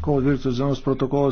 kovo 12 dienos protokolas.